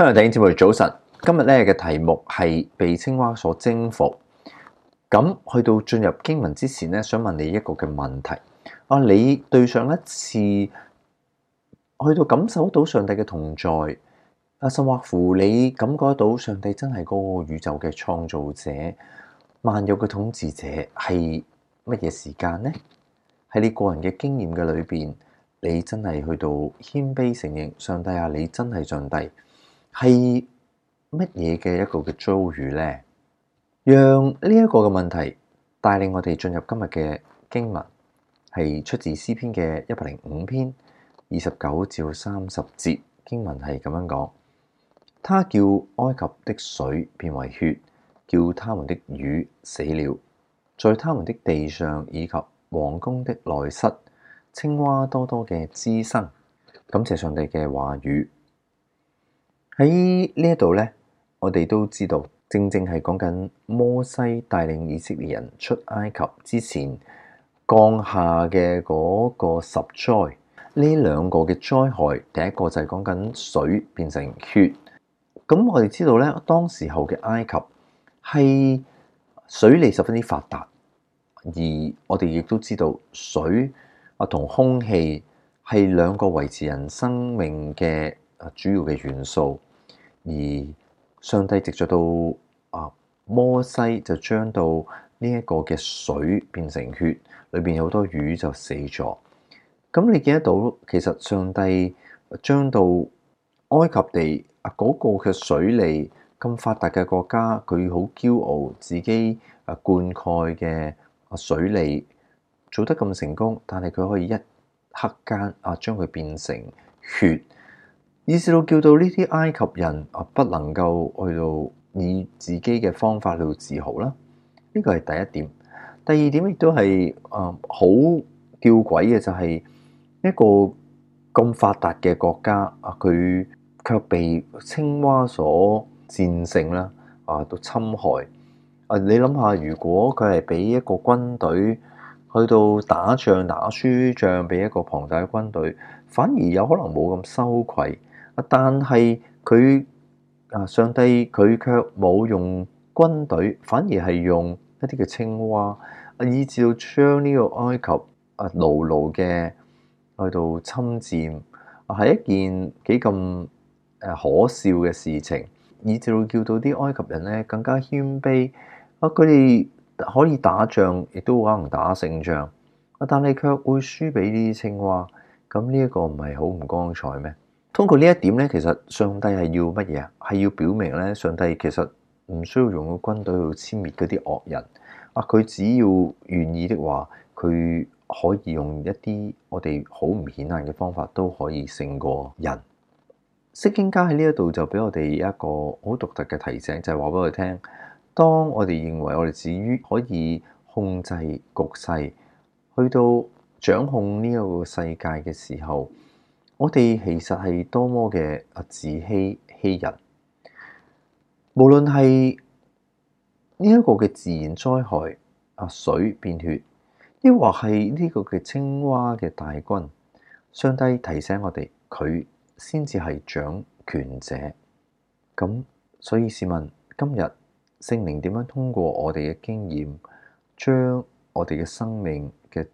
歡迎聽節目，早晨。今日咧嘅題目係被青蛙所征服。咁去到進入經文之前咧，想問你一個嘅問題：啊，你對上一次去到感受到上帝嘅同在啊，甚或乎你感覺到上帝真係嗰個宇宙嘅創造者、萬有嘅統治者，係乜嘢時間呢？喺你個人嘅經驗嘅裏邊，你真係去到謙卑承認上帝啊，你真係上帝。係乜嘢嘅一個嘅遭遇咧？讓呢一個嘅問題帶領我哋進入今日嘅經文，係出自詩篇嘅一百零五篇二十九至三十節。經文係咁樣講：他叫埃及的水變為血，叫他們的魚死了，在他們的地上以及王宮的內室，青蛙多多嘅滋生。感謝上帝嘅話語。喺呢度呢，我哋都知道，正正係講緊摩西帶領以色列人出埃及之前降下嘅嗰個十災。呢兩個嘅災害，第一個就係講緊水變成血。咁我哋知道呢，當時候嘅埃及係水利十分之發達，而我哋亦都知道水啊同空氣係兩個維持人生命嘅主要嘅元素。而上帝藉著到啊摩西就將到呢一個嘅水變成血，裏邊有好多魚就死咗。咁你見得到，其實上帝將到埃及地啊嗰個嘅水利咁發達嘅國家，佢好驕傲自己啊灌溉嘅啊水利做得咁成功，但係佢可以一刻間啊將佢變成血。意思到叫到呢啲埃及人啊，不能夠去到以自己嘅方法去自豪啦。呢個係第一點。第二點亦都係啊，好叫鬼嘅就係一個咁發達嘅國家啊，佢卻被青蛙所戰勝啦啊，到侵害啊！你諗下，如果佢係俾一個軍隊去到打仗打輸仗俾一個龐大嘅軍隊，反而有可能冇咁羞愧。但係佢啊，上帝佢卻冇用軍隊，反而係用一啲嘅青蛙啊，以至到將呢個埃及啊，牢牢嘅去到侵佔啊，係一件幾咁誒可笑嘅事情，以至到叫到啲埃及人咧更加謙卑啊！佢哋可以打仗，亦都可能打勝仗啊，但係卻會輸俾呢啲青蛙，咁呢一個唔係好唔光彩咩？通過呢一點咧，其實上帝係要乜嘢啊？係要表明咧，上帝其實唔需要用個軍隊去殲滅嗰啲惡人啊！佢只要願意的話，佢可以用一啲我哋好唔顯眼嘅方法都可以勝過人。釋經家喺呢一度就俾我哋一個好獨特嘅提醒，就係話俾我哋聽：當我哋認為我哋至於可以控制局勢，去到掌控呢一個世界嘅時候。我哋其實係多麼嘅啊自欺欺人，無論係呢一個嘅自然災害啊水變血，亦或係呢個嘅青蛙嘅大軍，上帝提醒我哋佢先至係掌權者。咁所以試問，市民今日聖靈點樣通過我哋嘅經驗，將我哋嘅生命嘅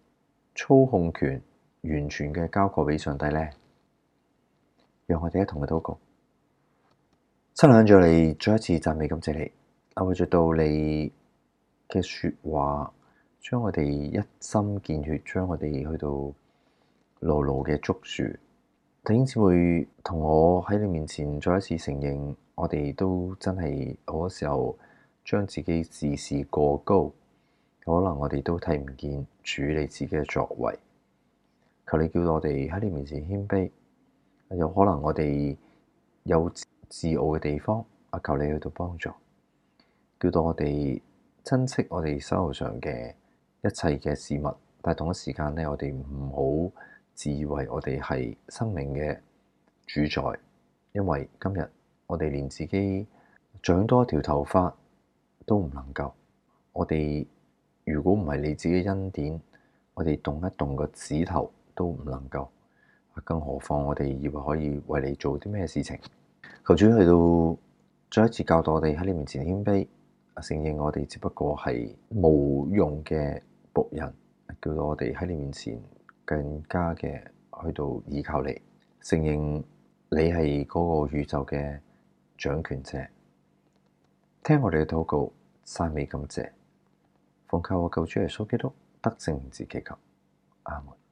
操控權完全嘅交過俾上帝咧？讓我哋一同去禱告，親眼住你再一次讚美，感謝你，阿，會做到你嘅說話，將我哋一針見血，將我哋去到牢牢嘅捉住，頂至會同我喺你面前再一次承認，我哋都真係好多時候將自己自視過高，可能我哋都睇唔見主你自己嘅作為，求你叫我哋喺你面前謙卑。有可能我哋有自傲嘅地方，啊求你去到幫助，叫到我哋珍惜我哋生活上嘅一切嘅事物。但係同一時間咧，我哋唔好自以為我哋係生命嘅主宰，因為今日我哋連自己長多一條頭髮都唔能夠，我哋如果唔係你自己恩典，我哋動一動個指頭都唔能夠。更何況我哋以為可以為你做啲咩事情？求主去到再一次教導我哋喺你面前謙卑，承認我哋只不過係無用嘅僕人，叫到我哋喺你面前更加嘅去到倚靠你，承認你係嗰個宇宙嘅掌權者。聽我哋嘅禱告，讚美感謝，奉靠我救主耶穌基督得勝之祈求，阿門。